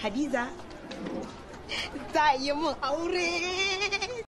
Hadiza, za a yi mun aure.